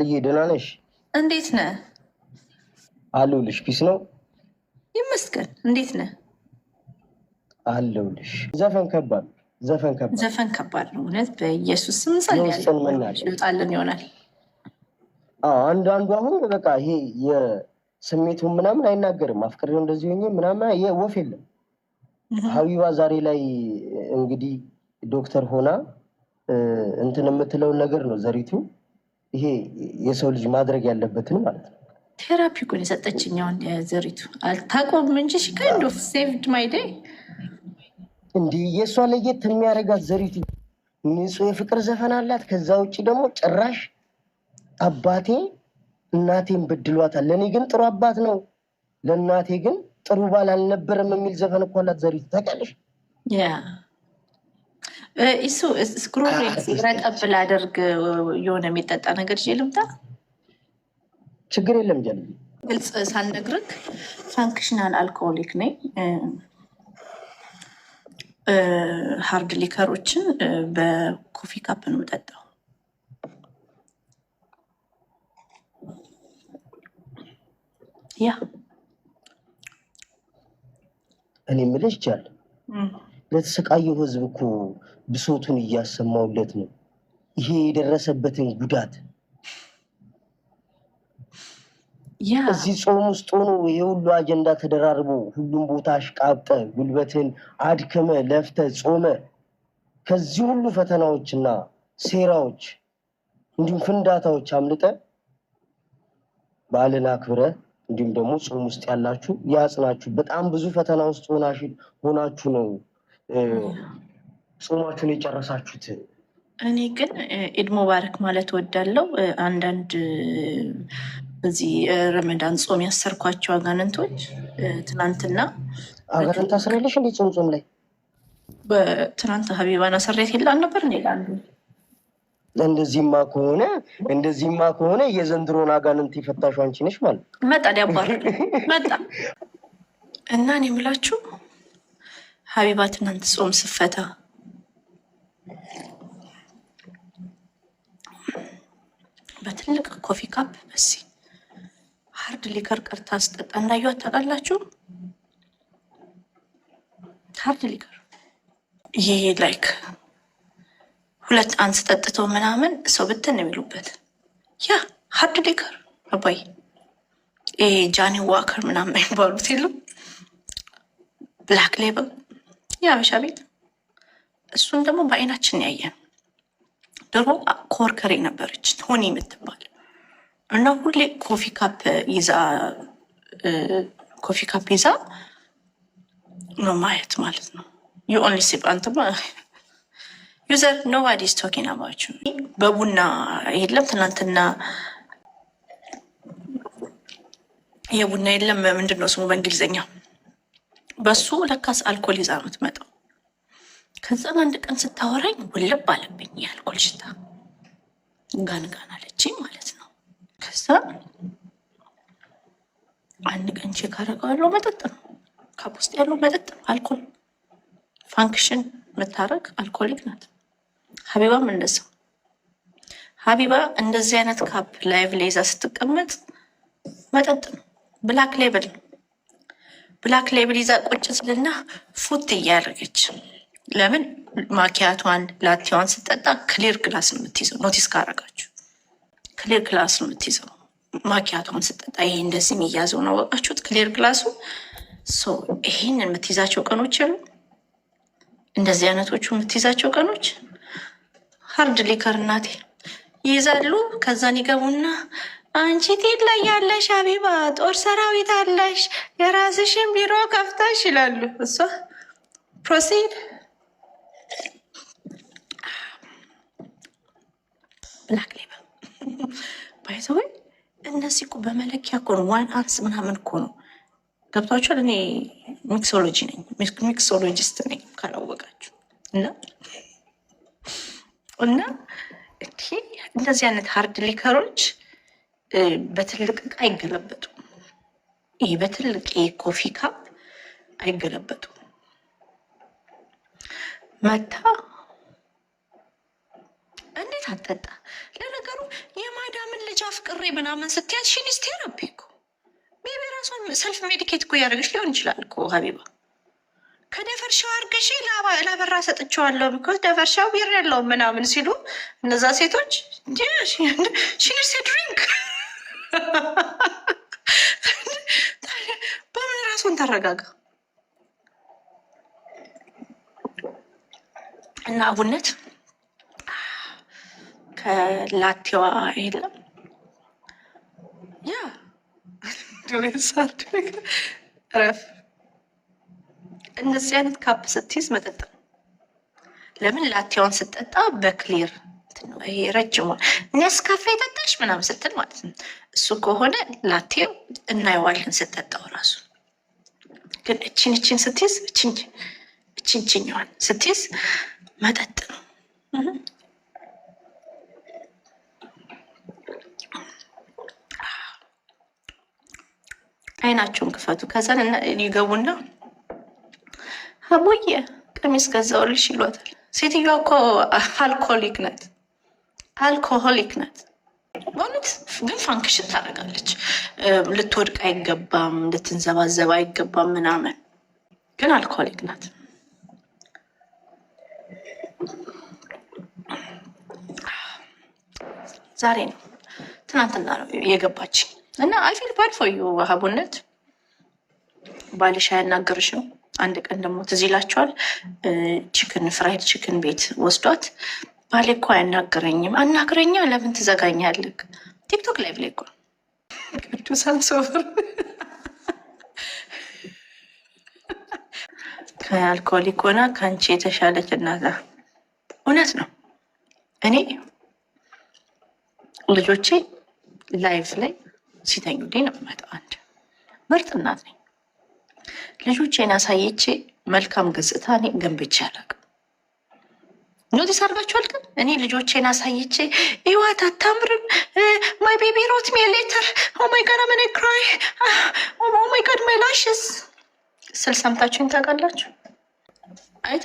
ልዬ ደህና ነሽ? እንዴት ነህ? አለሁልሽ። ፒስ ነው ይመስገን። እንዴት ነህ? አለሁልሽ። ዘፈን ከባድ ዘፈን ከባድ ዘፈን ከባድ ነው እውነት። በኢየሱስ ስም እንጸልያለን ይሆናል። አንዱ አንዱ አሁን በቃ ይሄ የስሜቱ ምናምን አይናገርም። አፍቅሬው እንደዚህ ሆኜ ምናምን ወፍ የለም። ሀቢባ ዛሬ ላይ እንግዲህ ዶክተር ሆና እንትን የምትለውን ነገር ነው ዘሪቱ ይሄ የሰው ልጅ ማድረግ ያለበትን ማለት ነው። ቴራፒ እኮ ነው የሰጠችኝ። አሁን ዘሪቱ አልታቆም እንጂ ሽካንዶ ሴቭድ ማይ ዴይ እንዲህ የእሷ ለየት የሚያደርጋት ዘሪቱ ንጹህ የፍቅር ዘፈን አላት። ከዛ ውጭ ደግሞ ጭራሽ አባቴ እናቴን በድሏታል፣ ለእኔ ግን ጥሩ አባት ነው፣ ለእናቴ ግን ጥሩ ባል አልነበረም የሚል ዘፈን እኮ አላት ዘሪቱ ታውቂያለሽ? እሱ ስክሮል ረቀብ ላደርግ የሆነ የሚጠጣ ነገር ይዤ ልምጣ። ችግር የለም። ጀ ግልጽ ሳልነግርክ ፋንክሽናል አልኮሆሊክ ነኝ። ሀርድ ሊከሮችን በኮፊ ካፕ ነው የምጠጣው። ያ እኔ የምልሽ ይቻል ለተሰቃየው ህዝብ እኮ ብሶቱን እያሰማውለት ነው። ይሄ የደረሰበትን ጉዳት እዚህ ጾም ውስጥ ሆኖ የሁሉ አጀንዳ ተደራርቦ ሁሉም ቦታ አሽቃብጠ ጉልበትን አድክመ ለፍተ ጾመ ከዚህ ሁሉ ፈተናዎችና ሴራዎች እንዲሁም ፍንዳታዎች አምልጠ በዓልን አክብረ እንዲሁም ደግሞ ጾም ውስጥ ያላችሁ ያጽናችሁ። በጣም ብዙ ፈተና ውስጥ ሆናችሁ ነው ጾማችሁን የጨረሳችሁት እኔ ግን ኢድ ሙባረክ ማለት ወዳለው አንዳንድ በዚህ ረመዳን ጾም ያሰርኳቸው አጋንንቶች ትናንትና አጋንንት አስራለሽ እንዴ? ጾም ጾም ላይ በትናንት ሀቢባን አሰሬት የለ አልነበር እኔ ላሉ እንደዚህማ ከሆነ እንደዚህማ ከሆነ የዘንድሮን አጋንንት የፈታሹ አንቺ ነሽ ማለት መጣ ሊያባር መጣ እና እኔ የምላችሁ ሀቢባ ትናንት ጾም ስፈታ በትልቅ ኮፊ ካፕ መሲ ሀርድ ሊከር ቀርታ ስጠጣ እንዳየኋት ታውቃላችሁ። ሀርድ ሊከር ይሄ ላይክ ሁለት አንስ ጠጥተው ምናምን ሰው ብትን የሚሉበት ያ ሀርድ ሊከር አባይ ጃኒ ዋከር ምናምን የሚባሉት የሉ ብላክ ሌበል የአበሻ ቤት እሱን ደግሞ በአይናችን ያየን ድሮ ኮርከሬ ነበረች ቶኒ የምትባል እና ሁሌ ኮፊ ካፕ ይዛ ኮፊ ካፕ ይዛ ነው ማየት ማለት ነው። ዩኦንሊ ሲፕ አንተ ዩዘር ኖባዲስ ቶኪን አባች በቡና የለም ትናንትና የቡና የለም ምንድን ነው ስሙ በእንግሊዝኛ በሱ ለካስ አልኮል ይዛ ነው የምትመጣው። ከዛም አንድ ቀን ስታወራኝ ውልብ አለብኝ የአልኮል ሽታ ጋንጋን አለችኝ ማለት ነው። ከዛ አንድ ቀን ቼክ አደረገው ያለው መጠጥ ነው፣ ካብ ውስጥ ያለው መጠጥ ነው። አልኮል ፋንክሽን የምታረግ አልኮሊክ ናት። ሀቢባም እንደዛ ሀቢባ እንደዚህ አይነት ካፕ ላይቭ ሌዛ ስትቀመጥ መጠጥ ነው፣ ብላክ ሌብል ነው። ብላክ ሌብል ይዛ ቁጭ ስልና ፉት እያደረገች ለምን ማኪያቷን ላቴዋን ስጠጣ ክሊር ክላስ ነው የምትይዘው። ኖቲስ ካረጋችሁ ክሊር ክላስ ነው የምትይዘው። ማኪያቷን ስጠጣ ይሄ እንደዚህ የሚያዘው ነው። አወቃችሁት? ክሊር ክላሱ ይሄን የምትይዛቸው ቀኖች ያሉ እንደዚህ አይነቶቹ የምትይዛቸው ቀኖች ሀርድ ሊከር እናቴ ይይዛሉ። ከዛን ይገቡና አንቺ ቴት ላይ ያለሽ አቢባ ጦር ሰራዊት አለሽ የራስሽን ቢሮ ከፍታሽ ይላሉ። እሷ ፕሮሲድ ብላክ ባይዘወ እነዚህ እኮ በመለኪያ እኮ ነው። ዋን አርስ ምናምን እኮ ነው ገብቷችኋል። እኔ ሚክሶሎጂ ነኝ ሚክሶሎጂስት ነኝ ካላወቃችሁ እና እና እንደዚህ አይነት ሀርድ ሊከሮች በትልቅ እቃ አይገለበጡም። ይሄ በትልቅ ኮፊ ካፕ አይገለበጡም መታ አጠጣ። ለነገሩ የማዳምን ልጅ አፍቅሬ ምናምን ስትያዝ ሽኒስ ቴራፒ እኮ ቤቢ ራሷን ሰልፍ ሜዲኬት እኮ እያደረገች ሊሆን ይችላል እኮ ሀቢባ ከደፈርሻው አርገሽ ላበራ ሰጥቸዋለሁ ቢኮዝ ደፈርሻው ቢር ያለው ምናምን ሲሉ እነዛ ሴቶች ሽኒስ ድሪንክ በምን ራሱን ተረጋጋ እና አቡነት ከላቴዋ የለም ያ ረፍ እነዚህ አይነት ካፕ ስትይዝ መጠጥ ነው። ለምን ላቴዋን ስጠጣ በክሊር ረጅሙ ኔስካፌ ጠጣሽ ምናምን ስትል ማለት ነው። እሱ ከሆነ ላቴ እናየዋለን ስጠጣው ራሱ ግን እችን እችን ስትይዝ እችንችኛዋን ስትይዝ መጠጥ ነው። አይናቸውን ክፈቱ። ከዛ ይገቡና አቡዬ ቀሚስ ገዛውልሽ ይሏታል። ሴትዮዋ እኮ አልኮሊክ ናት፣ አልኮሆሊክ ናት። በእውነት ግን ፋንክሽን ታደርጋለች። ልትወድቅ አይገባም፣ ልትንዘባዘብ አይገባም ምናምን፣ ግን አልኮሊክ ናት። ዛሬ ነው ትናንትና ነው የገባችኝ። እና አይፊል ፊል ባድ ፎር ሀቡነት ባልሽ ያናገርሽ ነው። አንድ ቀን ደግሞ ትዝ ይላቸዋል ቺክን ፍራይድ ቺክን ቤት ወስዷት ባሌ እኮ አያናግረኝም። አናግረኛ ለምን ትዘጋኛለህ? ቲክቶክ ላይ ብላ እኮ ቅዱሳን ሶፍር ከአልኮሊክ ሆና ከአንቺ የተሻለች እናዛ እውነት ነው። እኔ ልጆቼ ላይቭ ላይ ሲተኙ ዴ ነው የምመጣው። አንድ ምርጥ እናት ነኝ። ልጆቼን አሳይቼ መልካም ገጽታ እኔ ገንብቼ አላውቅም። ኖቲስ አድርጋችኋል? ግን እኔ ልጆቼን አሳይቼ ህይወት አታምርም፣ ማይ ቤቢ ሮት ሚ ሌተር ኦ ማይ ጋድ አመነ ክራይ ኦ ማይ ጋድ ማይ ላሽስ ስል ሰምታችሁኝ ታውቃላችሁ?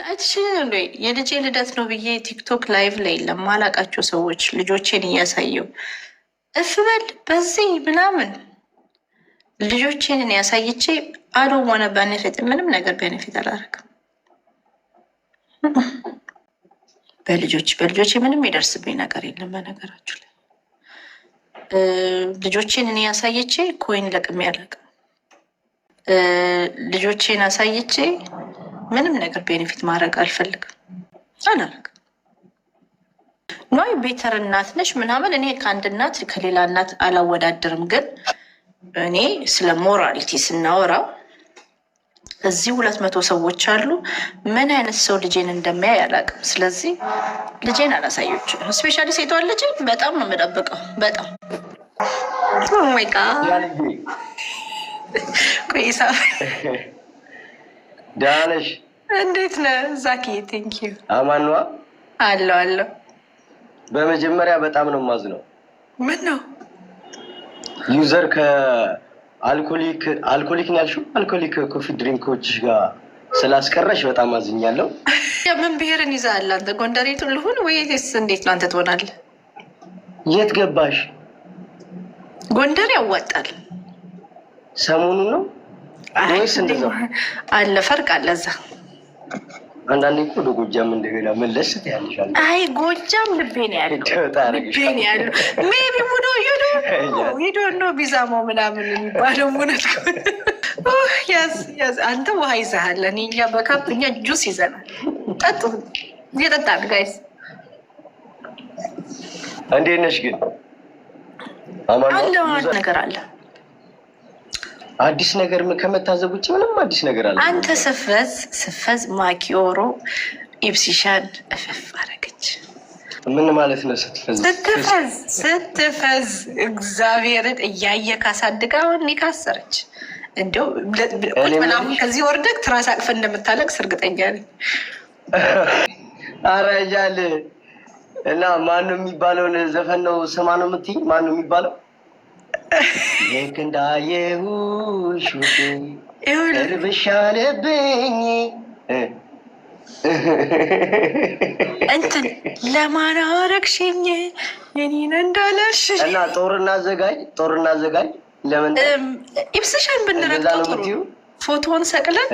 አይትሽ የልጄ ልደት ነው ብዬ ቲክቶክ ላይቭ ላይ ለማላቃቸው ሰዎች ልጆቼን እያሳየው እፍ በዚህ ምናምን ልጆቼንን ያሳይቼ አዶ ሆነ በኔፌት ምንም ነገር በኔፌት አላደረግም። በልጆች በልጆቼ ምንም ይደርስብኝ ነገር የለም። በነገራችሁ ላይ ልጆቼን እኔ ያሳይቼ ኮይን ለቅም ያለቅ ልጆቼን አሳይቼ ምንም ነገር ቤኔፊት ማድረግ አልፈልግም አላደርግም። ኖይ ቤተር እናት ነሽ ምናምን። እኔ ከአንድ እናት ከሌላ እናት አላወዳድርም፣ ግን እኔ ስለ ሞራሊቲ ስናወራው እዚህ ሁለት መቶ ሰዎች አሉ። ምን አይነት ሰው ልጄን እንደሚያይ አላውቅም። ስለዚህ ልጄን አላሳየችም። እስፔሻሊ ሴቷን ልጅ በጣም ነው የምጠብቀው። በጣም ቆይሳ ዳለሽ እንዴት ነህ ዛኪ? ቴንኪዩ አማን አለው አለው በመጀመሪያ በጣም ነው የማዝነው። ምን ነው ዩዘር ከአልኮሊክ አልኮሊክ ያልሽው አልኮሊክ ኮፊ ድሪንኮች ጋር ስላስቀረሽ በጣም አዝኛለሁ። ምን ብሔርን ይዛል አንተ? ጎንደሬቱ ልሁን ወይስ እንዴት ነው አንተ ትሆናለህ? የት ገባሽ? ጎንደር ያዋጣል። ሰሞኑን ነው ወይስ አለ ፈርቅ አለ እዛ አንዳንዴ እኮ ወደ ጎጃም እንደገና መለስ ትያለሻል። አይ ጎጃም ልቤ ነው ያለው ልቤ ነው ያለው። ሜቢ ሙዶ ዩዶ ዩዶ ነው ቢዛሞ ምናምን የሚባለው ሙነት ያስ ያስ። አንተ ውሃ ይዘሃል። እኛ በካፕ እኛ ጁስ ይዘናል። ጠጡ እየጠጣን ጋይስ። እንዴት ነሽ ግን? አለ ነገር አለ አዲስ ነገር ከመታዘብ ውጭ ምንም አዲስ ነገር አለ። አንተ ስፈዝ ስፈዝ ማኪዮሮ ኢብሲሻን እፈፍ አረገች። ምን ማለት ነው? ስትፈዝ ስትፈዝ ስትፈዝ እግዚአብሔርን እያየ ካሳድጋ ሆኔ ካሰረች እንዲያው ምናምን ከዚህ ወርደግ ትራስ አቅፈ እንደምታለቅስ እርግጠኛ ነኝ። አረጃል እና ማነው የሚባለውን ዘፈን ነው ስማ ነው የምትይኝ? ማነው የሚባለው ልክ እንዳየሁሽ እርብሻለብኝ እንትን ለማን አረግሽኝ የኔን እንዳለሽ እና ጦር እናዘጋጅ፣ ጦር እናዘጋጅ። ለምን ኢብስሻን ብንረግጠው ጥሩ ፎቶውን ሰቅለን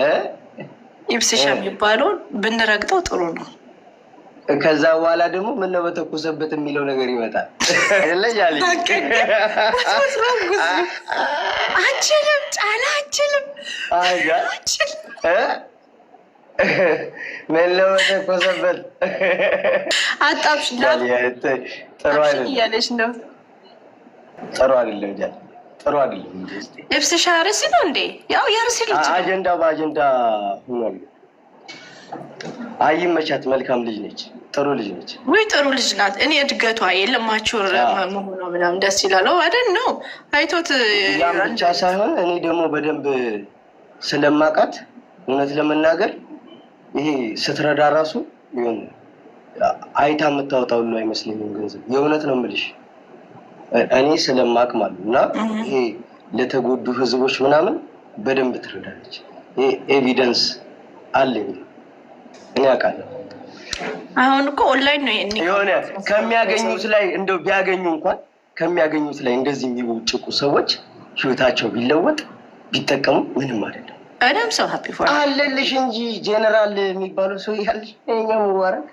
ኢብስሻ የሚባለውን ብንረግጠው ጥሩ ነው። ከዛ በኋላ ደግሞ ምነው በተኮሰበት የሚለው ነገር ይመጣል። አይደለሽ አንችልም፣ አንችልም። ምነው በተኮሰበት አጣብሽ እያለች ነው። ጥሩ አይደለም ጃል፣ ጥሩ አይደለም። ልብስሽ አርሲ ነው እንዴ? ያው የአርሲ ልጅ አጀንዳ በአጀንዳ ሆኗል። አይመቻት። መልካም ልጅ ነች፣ ጥሩ ልጅ ነች። ወይ ጥሩ ልጅ ናት። እኔ እድገቷ የለማቸው መሆኗ ምናምን ደስ ይላል አደን ነው አይቶት ብቻ ሳይሆን እኔ ደግሞ በደንብ ስለማውቃት እውነት ለመናገር ይሄ ስትረዳ ራሱ ይሁን አይታ የምታወጣ ሁሉ አይመስለኝም ገንዘብ። የእውነት ነው የምልሽ እኔ ስለማቅ ማለት እና ይሄ ለተጎዱ ህዝቦች ምናምን በደንብ ትረዳለች። ይሄ ኤቪደንስ አለኝ። እኔ አውቃለሁ። አሁን እኮ ኦንላይን ነው ይሄን የሆነ ከሚያገኙት ላይ እንደው ቢያገኙ እንኳን ከሚያገኙት ላይ እንደዚህ የሚውጭቁ ሰዎች ህይወታቸው ቢለወጥ ቢጠቀሙ ምንም አይደለም። አዳም ሰው ሀፒ ፎር አለልሽ እንጂ ጄኔራል የሚባለው ሰው ያለሽ ኛው ሙባረክ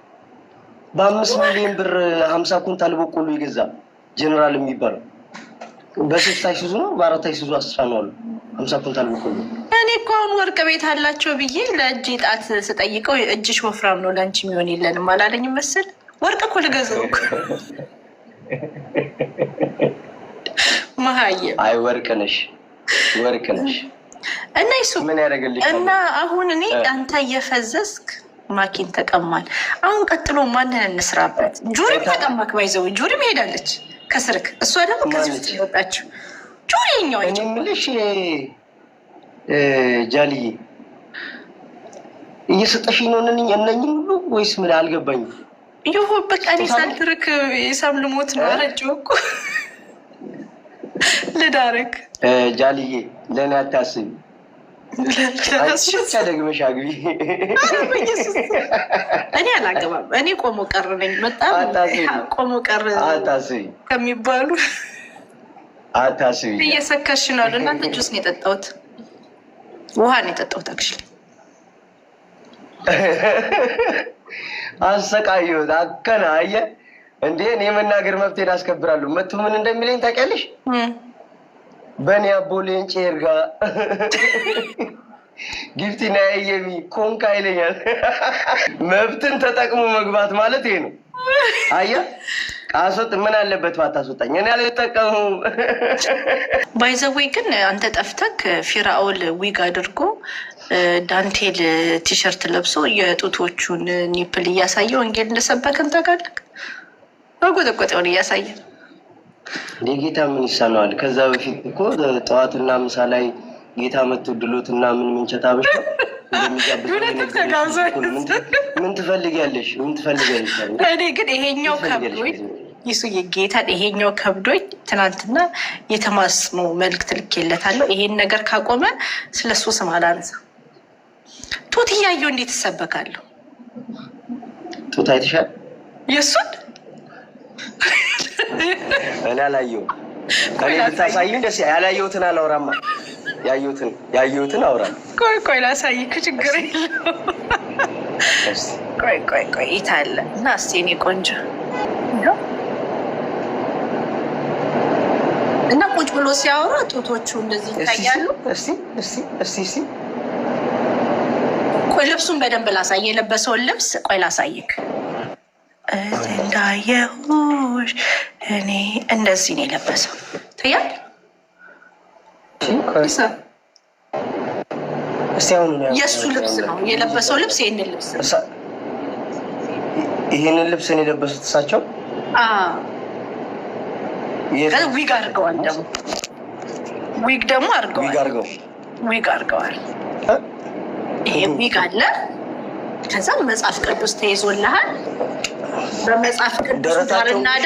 በአምስት ሚሊዮን ብር ሀምሳ ኩንታል በቆሎ ይገዛል ጄኔራል የሚባለው በሶስት አይሱዙ ነው በአራት አይሱዙ አስራ ነው አሉ ሀምሳ ኩንታል በኩሉ እኔ እኮ አሁን ወርቅ ቤት አላቸው ብዬ ለእጅ ጣት ስጠይቀው እጅሽ ወፍራም ነው ለአንቺ የሚሆን የለንም አላለኝ መስል ወርቅ እኮ ልገዛው መሀየ አይ ወርቅ ነሽ ወርቅ ነሽ። እና ይሱ ምን ያደረገልሽ? እና አሁን እኔ አንተ እየፈዘዝክ ማኪን ተቀማል። አሁን ቀጥሎ ማንን እንስራበት? ጁሪም ተቀማክ ባይዘው ጁሪም ሄዳለች ከስርክ እሷ ደግሞ ከዚህ ውስጥ ይወጣችው ጩኛው የምልሽ ጃልዬ እየሰጠሽ ነው እነኝ ሁሉ ወይስ ምን አልገባኝም። ይሁ በቃ እኔ ሳልትርክ ኢሳም ልሞት ነው። አረጀሁ እኮ ልዳርክ። ጃልዬ ለእኔ አታስቢ ደግመሽ አግቢ። እኔ አላገባም። እኔ ቆሞ ቀር ነኝ። በጣም ቆሞ ቀር ከሚባሉ አታስቢ። ነው። እናንተ ጁስ ነው የጠጣሁት፣ ውሃ ነው የጠጣሁት። አክሽል አሰቃየሁት። አከና አየህ እንዴ! እኔ የመናገር መብቴን አስከብራለሁ። መቱ ምን እንደሚለኝ ታውቂያለሽ? በኔ አቦ ሌንጭ ርጋ ጊፍቲ ና የሚ ኮንካ ይለኛል። መብትን ተጠቅሞ መግባት ማለት ይሄ ነው። አየ አስወጥ ምን አለበት ባታስወጣኝ፣ እኔ አልጠቀሙም። ባይዘዌይ ግን አንተ ጠፍተክ ፊራኦል ዊግ አድርጎ ዳንቴል ቲሸርት ለብሶ የጡቶቹን ኒፕል እያሳየ ወንጌል እንደሰበክን ታውቃለህ። መጎጠቆጤውን እያሳየ ጌታ ምን ይሳነዋል? ከዛ በፊት እኮ ጠዋትና ምሳ ላይ ጌታ መቶ ድሎትና ምን ምንቸት አበሻ ምን ትፈልጊያለሽ? ምን ትፈልጊያለሽ? እኔ ግን ይሄኛው ከብዶኝ ይሱዬ ጌታን ይሄኛው ከብዶኝ ትናንትና የተማስሞ መልዕክት ልኬለታለሁ። ይሄን ነገር ካቆመ ስለ እሱ ስም አላነሳ። ጡት እያየሁ እንዴት እሰበካለሁ? ጡት አይተሻል? የእሱን እኔ አላየሁም። እኔ ብታሳይኝ ደስ ያላየሁትን አላውራማ። ያየሁትን ያየሁትን አውራ። ቆይ ቆይ ላሳይህ፣ ችግር የለውም። ቆይ ቆይ ቆይ ይታለ እና እስኪ እኔ ቆንጆ እና ቁጭ ብሎ ሲያወራ ጡቶቹ እንደዚህ ይታያሉ። ቆይ ልብሱን በደንብ ላሳይ፣ የለበሰውን ልብስ ቆይ ላሳይክ እንዳየሁሽ እኔ እንደዚህ ነው የለበሰው። ታያል የእሱ ልብስ ነው የለበሰው ልብስ ይህንን ልብስ ይህንን ልብስ የለበሱት እሳቸው። ዊግ አድርገዋል ደግሞ ዊግ ደግሞ አድርገዋል ዊግ አድርገዋል። ይሄ ዊግ አለ። ከዛም መጽሐፍ ቅዱስ ተይዞልሃል በመጽሐፍ ቅዱስ ባልናዳ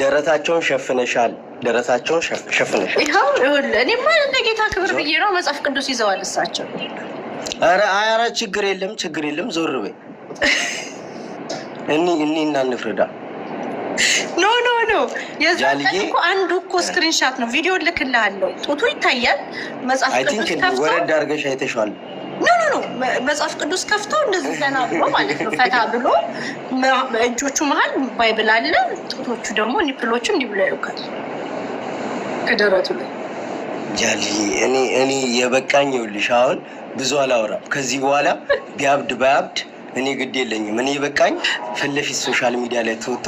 ደረታቸውን ሸፍነሻል። ደረታቸውን ሸፍነሻል። ክብር ብዬ ነው። መጽሐፍ ቅዱስ ይዘዋል እሳቸው። ኧረ ችግር የለም ችግር የለም። ዞር በይ። እኒ እኒ ኖ ኖ እኮ አንዱ እኮ ስክሪንሻት ነው። ቪዲዮ ልክልሃለሁ። ጡቱ ይታያል። መጽሐፍ ቅዱስ ወረድ አድርገሽ አይተሽዋል። መጽሐፍ ቅዱስ ከፍቶ እንደዚህ ዘና ብሎ ማለት ነው፣ ፈታ ብሎ እጆቹ መሀል ባይብል አለ፣ ጡቶቹ ደግሞ ኒፕሎቹ እንዲህ ብሎ ያውቃል ከደረቱ ላይ ጃልዬ። እኔ እኔ የበቃኝ ይኸውልሽ፣ አሁን ብዙ አላወራም ከዚህ በኋላ ቢያብድ ባያብድ እኔ ግድ የለኝም። እኔ የበቃኝ ፊት ለፊት ሶሻል ሚዲያ ላይ ተወጥቶ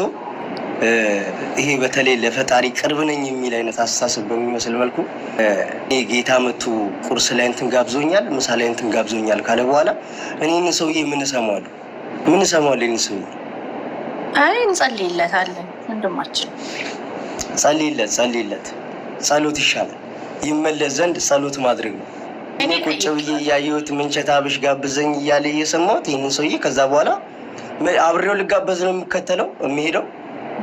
ይሄ በተለይ ለፈጣሪ ቅርብ ነኝ የሚል አይነት አስተሳሰብ በሚመስል መልኩ ጌታ መቱ ቁርስ ላይ እንትን ጋብዞኛል፣ ምሳ ላይ እንትን ጋብዞኛል ካለ በኋላ እኔን ሰውዬ ምን እሰማዋለሁ? ምን እሰማዋለሁ? ሰውዬ አይ እንጸልይለታለን። ወንድማችን ጸልይለት፣ ጸልይለት። ጸሎት ይሻላል። ይመለስ ዘንድ ጸሎት ማድረግ ነው። እኔ ቁጭ ብዬ እያየሁት ምንቸት አብሽ ጋብዘኝ እያለ እየሰማሁት ይህንን ሰውዬ ከዛ በኋላ አብሬው ልጋበዝ ነው የሚከተለው የሚሄደው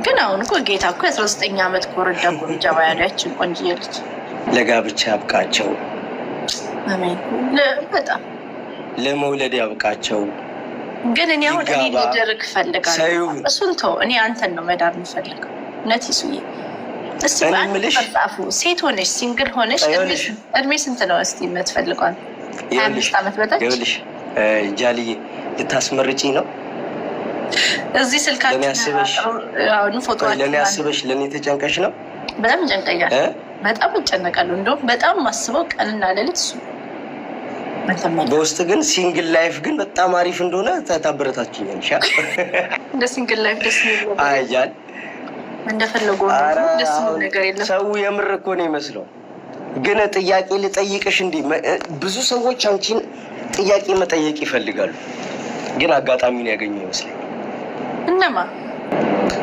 ግን አሁን እኮ ጌታ እኮ የአስራ ዘጠኝ ዓመት ኮረዳ ኮረጃ ባያዳያችን ቆንጅዬ ልጅ ለጋብቻ ያብቃቸው። በጣም ለመውለድ ያብቃቸው። ግን እኔ አሁን እኔ ሊደርግ እፈልጋለሁ። እሱን ተው፣ እኔ አንተን ነው መዳር የምፈልገው። እውነት ይሱዬ፣ እስቲ ጻፉ። ሴት ሆነሽ ሲንግል ሆነሽ እድሜ ስንት ነው እስቲ የምትፈልገው? ሀያ አምስት ዓመት በታች ይኸውልሽ፣ ጃልዬ ልታስመርጭኝ ነው እዚህ ስልካችን ፎቶ ለእኔ አስበሽ ለእኔ ተጨንቀሽ ነው። በጣም ይጨንቀኛል። በጣም እጨነቃለሁ። እንደውም በጣም ማስበው ቀንና ሌሊት እሱ በውስጥ ግን ሲንግል ላይፍ ግን በጣም አሪፍ እንደሆነ ታበረታችኛል። እንደ ሲንግል ላይፍ ደስ አያል እንደፈለጉ ደስ ነገር የለም። ሰው የምር እኮ ነው ይመስለው። ግን ጥያቄ ልጠይቅሽ። እንዲህ ብዙ ሰዎች አንቺን ጥያቄ መጠየቅ ይፈልጋሉ፣ ግን አጋጣሚን ያገኙ ይመስለኛል። እነማ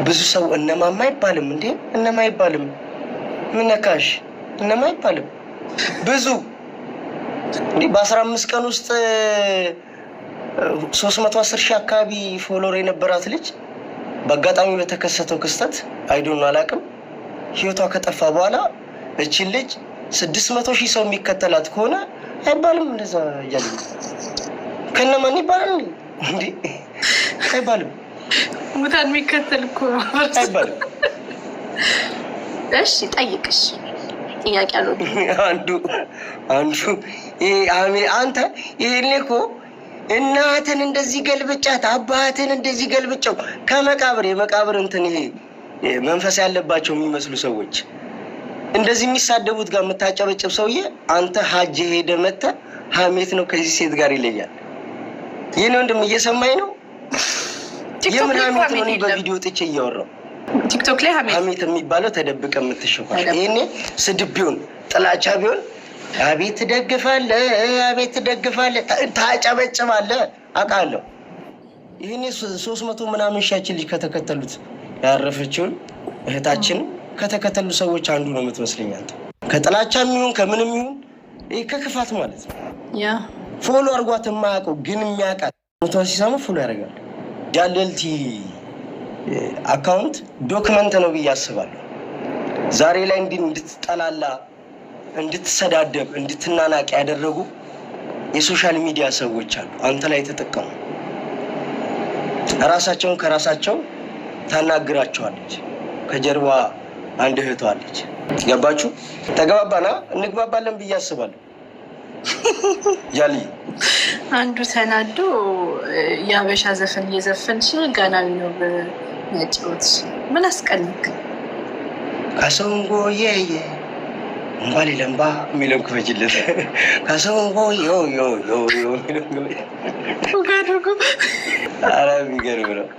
ብዙ ሰው እነማማ አይባልም እንዴ? እነማ አይባልም። ምነካሽ እነማ አይባልም። ብዙ እንዴ በአስራ አምስት ቀን ውስጥ ሶስት መቶ አስር ሺህ አካባቢ ፎሎር የነበራት ልጅ በአጋጣሚ በተከሰተው ክስተት አይዶን አላቅም ህይወቷ ከጠፋ በኋላ እችን ልጅ ስድስት መቶ ሺህ ሰው የሚከተላት ከሆነ አይባልም። እንደዛ እያለ ከነማን ይባላል እንዴ? አይባልም። ሙታን የሚከተል እኮ ነው። እሺ ጠይቅሽ ጥያቄ አለ። አንዱ አንዱ አንተ እኮ እናትን እንደዚህ ገልብጫት፣ አባትን እንደዚህ ገልብጨው ከመቃብር የመቃብር እንትን ይሄ መንፈስ ያለባቸው የሚመስሉ ሰዎች እንደዚህ የሚሳደቡት ጋር የምታጨበጭብ ሰውዬ አንተ ሀጅ ሄደ መተ ሀሜት ነው ከዚህ ሴት ጋር ይለያል። ይህን ወንድም እየሰማኝ ነው የምን ሀሜት ነው? እኔ በቪዲዮ ጥቼ እያወራሁ ቲክቶክ ላይ ሀሜት የሚባለው ተደብቀ የምትሸፋ ይሄኔ ስድብ ቢሆን ጥላቻ ቢሆን አቤት ትደግፋለህ፣ አቤት ትደግፋለህ፣ ታጨበጭባለህ አውቃለሁ። ይህኔ ሶስት መቶ ምናምን ሺያችን ልጅ ከተከተሉት ያረፈችውን እህታችን ከተከተሉ ሰዎች አንዱ ነው የምትመስለኝ አንተ። ከጥላቻ የሚሆን ከምንም ይሁን ይህ ከክፋት ማለት ነው። ፎሎ አድርጓት የማያውቀው ግን የሚያውቃት ሞቷ ሲሰማ ፎሎ ያደርጋል። ዳለልቲ አካውንት ዶክመንት ነው ብዬ አስባለሁ። ዛሬ ላይ እንዲ እንድትጠላላ፣ እንድትሰዳደብ፣ እንድትናናቅ ያደረጉ የሶሻል ሚዲያ ሰዎች አሉ። አንተ ላይ ተጠቀሙ። ራሳቸውን ከራሳቸው ታናግራቸዋለች። ከጀርባ አንድ እህቷ አለች። ገባችሁ? ተገባባና እንግባባለን ብዬ አስባለሁ። ያሊ አንዱ ተናዶ የሀበሻ ዘፈን እየዘፈንሽ ጋናዊ ነው ነጭሮት ምን አስቀልክ? ከሰንጎ የየ እንኳን ለምባ የሚለውን ክፈችለት። ከሰንጎ ዮ ዮ ዮ ዮ የሚለውን ክፈችለት። ኧረ የሚገርም ነው።